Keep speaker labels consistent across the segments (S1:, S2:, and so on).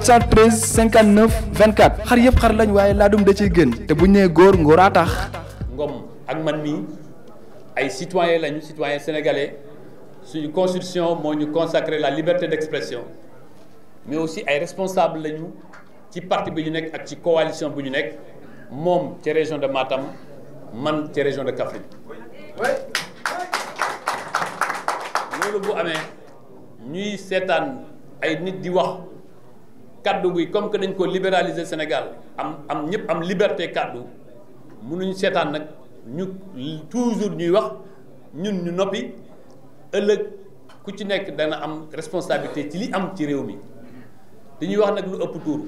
S1: 413 59 24 xar yëpp xar lañ waaye laadum da ciy gën te bu ñu nee góor ngóoraa tax.
S2: Ngom ak man mii ay citoyen lañu citoyen sénégalais suñu constitution moo ñu consacré la liberté d'expression mais aussi ay responsable lañu ci partie bi ñu nekk ak ci coalition bu ñu nekk moom ci région de Matam man ci région de Kaffrine loolu bu amee ñuy seetaan ay nit di wax. kaddu gi comme que dañ ko libéraliser Sénégal am am ñëpp am liberté kaddu mënuñ seetaan nag ñu toujours ñuy wax ñun ñu noppi ëllëg ku ci nekk dana am responsabilité ci li am ci réew mi dañuy wax nag lu ëpp tuur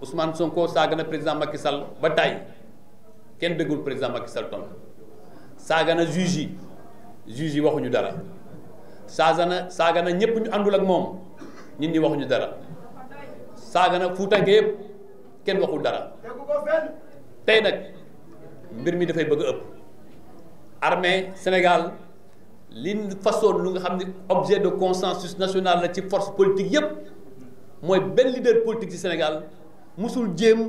S2: Ousmane Sonko saaga na président Macky Sall ba tàyyi kenn déggul président Macky Sall ton saaga na juge yi juge yi waxuñu dara saaga na saaga na ñëpp ñu àndul ak moom ñun ñi waxuñu dara saaga nag fuutanke yëpp kenn waxul dara tey nag mbir mi dafay bëgg ëpp armée Sénégal li façon lu nga xam ne objet de consensus national la ci force politique yëpp mooy benn leader politique ci Sénégal mosul jéem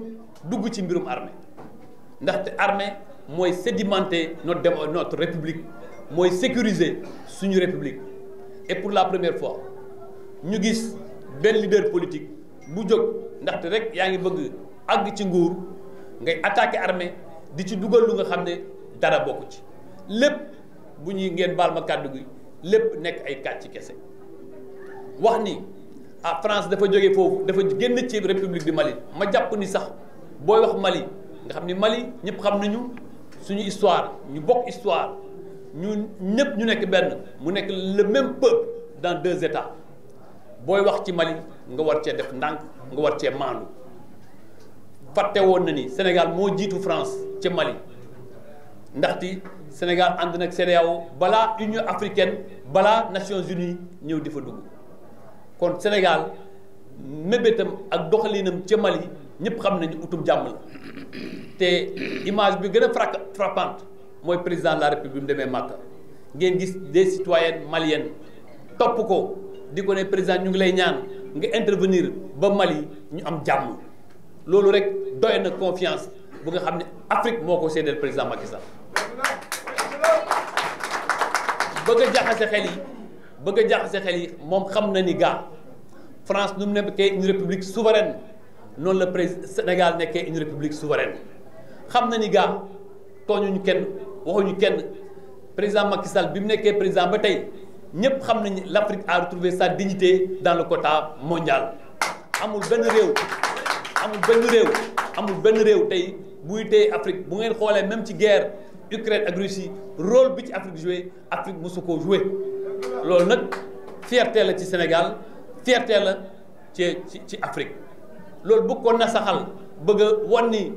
S2: dugg ci mbirum armée ndaxte armée mooy sédimenter not demo not république mooy sécuriser suñu république et pour la première fois ñu gis benn leader politique bu jóg ndaxte rek yaa ngi bëgg àgg ci nguur ngay attaque armée di ci dugal lu nga xam ne dara bokk ci lépp bu ñuy ngeen baal ma kàddu gi lépp nekk ay kàcc ci kese wax ni ah France dafa jóge foofu dafa génn ci république du Mali ma jàpp ni sax booy wax Mali nga xam ni Mali ñëpp xam nañu suñu histoire ñu bokk histoire ñu ñëpp ñu nekk benn mu nekk le même dans deux états booy wax ci Mali nga war cee def ndànk nga war cee maandu fàtte woon na ni Sénégal moo jiitu France ca Mali ndaxte Sénégal ànd nag CEDEAO balaa Union africaine balaa Nations Unies ñëw di fa dugg kon Sénégal mébétam ak doxaliinam ca Mali ñëpp xam nañu utum jàmm la te image bi gën a fra frappante mooy président de la république mu demee Màkka ngeen gis des citoyennes maliennes topp ko. di ko ne président ñu ngi lay ñaan nga intervenir ba Mali ñu am jàmm loolu rek doy na confiance bu nga xam ne Afrique moo ko séddale président Macky Sall bëgg a jaxase xel yi bëgg a jaxase xel yi moom xam na ni gaa France nu mu nekkee une république souveraine noonu la prés Sénégal nekkee une république souveraine xam na ni gaa tooñuñu kenn waxuñu kenn président Macky Sall bi mu nekkee président ba tey. ñëpp xam nañu l'Afrique a retrouvé sa dignité dans le quota mondial amul benn réew amul benn réew tey buy tey Afrique bu ngeen xoolee même ci guerre Ukraine ak Russie role bi ci Afrique joué Afrique mosu koo joué loolu nag fierté la ci Sénégal fierté la ci ci Afrique loolu bëgg ko nasaxal bëgg a ni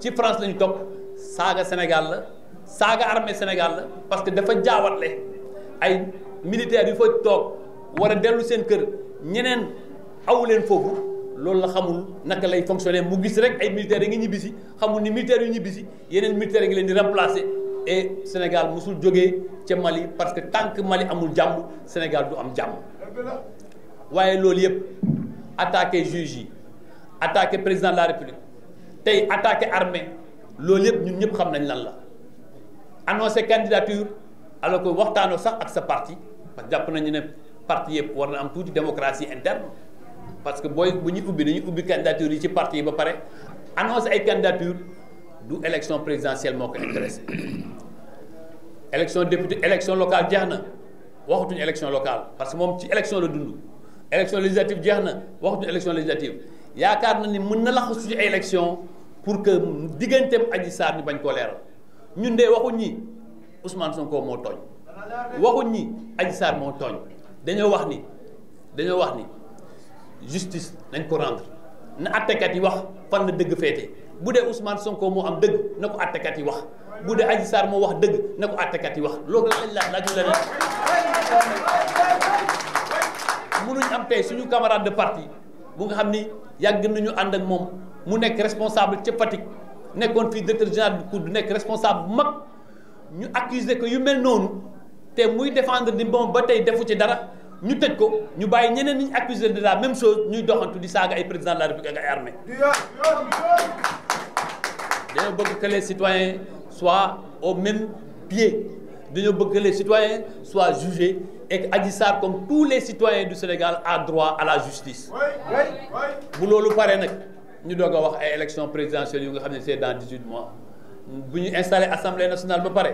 S2: ci France la ñu topp saaga Sénégal la saaga armée Sénégal la parce que dafa jaawatle ay militaire yu fa toog war a dellu seen kër ñeneen awu leen foofu loolu la xamul naka lay fonctionner mu gis rek ay militaires yi ngi ñibbisi xamul ni militaires yu ñibbisi yeneen militaires yi ngi leen di remplacer et Sénégal mosul jóge ca Mali parce que tant Mali amul jàmm Sénégal du am jàmm waaye loolu yëpp attaqué juge yi attaqué président de la République tey attaqué armée loolu yëpp ñun ñëpp xam nañ lan la annoncé candidature alors que waxtaanoo ak sa parti parce que jàpp nañu ne parti yëpp war na am tuuti démocratie interne parce que booy bu ñu ubbi dañuy ubbi candidature yi ci parti yi ba pare annonce ay candidature du élection présidentielle moo ko intéressé élection député élection locale jeex na waxatuñu élection locale parce que moom ci élection la dund élection législative jeex na waxatuñu élection législative yaakaar na ni mën na laxasu ci ay élection pour que digganteem Adji Sarr ni bañ koo leeral ñun de waxuñ ñi Ousmane Sonko moo tooñ waxuñ ni Adji Sarr moo tooñ dañoo wax ni dañoo wax ni justice nañ ko rendre na attekat yi wax fan na dëgg féete bu dee Ousmane Sonko moo am dëgg na ko attekat yi wax bu dee Adji Sarr moo wax dëgg na ko yi wax loolu lañ la laaj la mënuñ am tey suñu camarade de parti bu nga xam ni yàgg nañu ànd ak moom mu nekk responsable ca Fatick nekkoon fii directeur général bu COUD nekk responsable bu mag ñu accuser ko yu mel noonu. te muy défendre ni moom ba tey defu ci dara ñu tëj ko ñu bàyyi ñeneen ñi accuser de la même chose ñuy doxantu di saaga ay président de la république ak ay armée dañoo bëgg que les citoyens soient au même pied dañoo bëgg que les soit soient et que Adji Sarr comme tous les citoyens du Sénégal a droit à la justice bu loolu paree nag ñu doog a wax ay élections présidentielles yu nga xam ne c'est dans 18 mois bu ñu installé assemblée nationale ba pare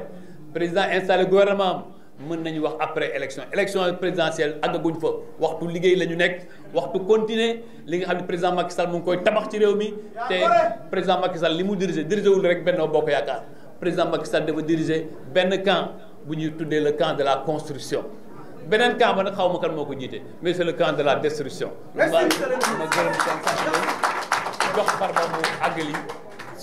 S2: président installé gouvernement mën nañu wax après élection élection présidentielle àggaguñ fa waxtu liggéey la ñu nekk waxtu continuer li nga xam ne président Macky Sall mu ngi koy tabax ci réew mi te président Macky Sall li mu dirigé dirigé wul rek Benno Bokk Yaakaar président Macky Sall dafa dirigé benn kan bu ñuy tuddee le camp de la construction beneen camp ba nag xaw ma kan moo ko jiite mais le camp de la destruction. merci ma gërëm seen sant jox farba mu àggali.